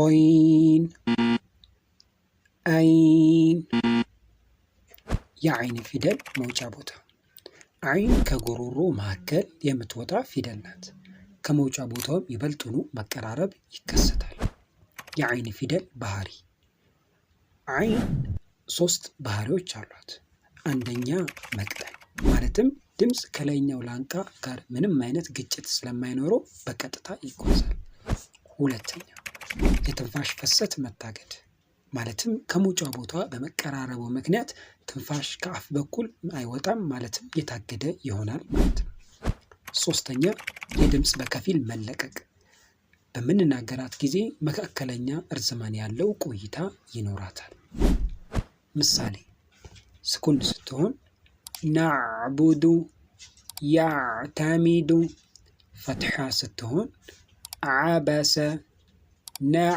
ኦይን አይን የአይን ፊደል መውጫ ቦታ። አይን ከጉሮሮ መካከል የምትወጣ ፊደል ናት። ከመውጫ ቦታውም ይበልጥኑ መቀራረብ ይከሰታል። የአይን ፊደል ባህሪ አይን ሶስት ባህሪዎች አሏት። አንደኛ መቅጠል ማለትም ድምፅ ከላይኛው ላንቃ ጋር ምንም አይነት ግጭት ስለማይኖረው በቀጥታ ይጓዛል። ሁለተኛ የትንፋሽ ፍሰት መታገድ ማለትም ከመውጫ ቦታ በመቀራረቡ ምክንያት ትንፋሽ ከአፍ በኩል አይወጣም፣ ማለትም የታገደ ይሆናል ማለት ነው። ሶስተኛ የድምፅ በከፊል መለቀቅ በምንናገራት ጊዜ መካከለኛ እርዝማን ያለው ቆይታ ይኖራታል። ምሳሌ ስኩን ስትሆን ናዕቡዱ፣ ያዕተሚዱ፣ ፈትሓ ስትሆን ዓበሰ na